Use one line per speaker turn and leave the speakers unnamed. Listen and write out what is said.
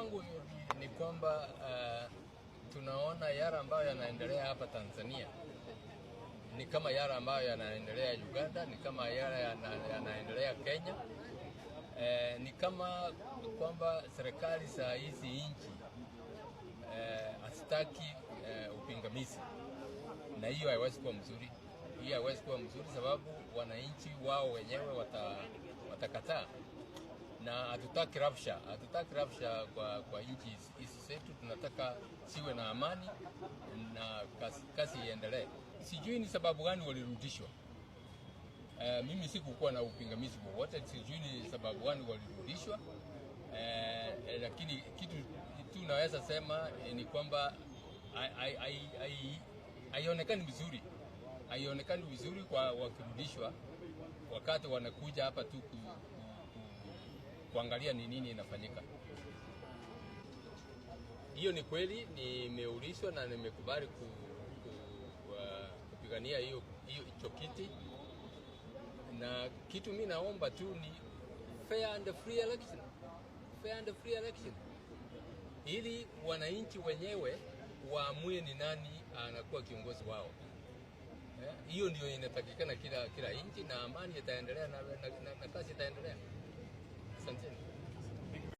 wangu ni, ni kwamba uh, tunaona yara ambayo yanaendelea hapa Tanzania ni kama yara ambayo yanaendelea Uganda, ni kama yara yanaendelea Kenya. E, ni kama kwamba serikali za hizi nchi e, uh, asitaki e, uh, upingamizi, na hiyo haiwezi kuwa mzuri. Hiyo haiwezi kuwa mzuri sababu wananchi wao wenyewe watakataa wata na hatutaki rafsha, hatutaki rafsha kwa, kwa nchi hizi zetu. Tunataka siwe na amani na kazi iendelee. Sijui ni sababu gani walirudishwa. E, mimi sikukuwa na upingamizi wowote, sijui ni sababu gani walirudishwa. e, lakini kitu tu naweza sema eh, ni kwamba haionekani vizuri, haionekani vizuri kwa wakirudishwa wakati wanakuja hapa tu kuangalia ni nini inafanyika. Hiyo ni kweli, nimeulishwa na nimekubali ku, ku, uh, kupigania hiyo hiyo hicho kiti, na kitu mimi naomba tu ni fair and free election, fair and free election, ili wananchi wenyewe waamue ni nani anakuwa kiongozi wao. Eh, hiyo yeah, ndio inatakikana kila, kila nchi, na amani itaendelea na, na, na, na kazi itaendelea.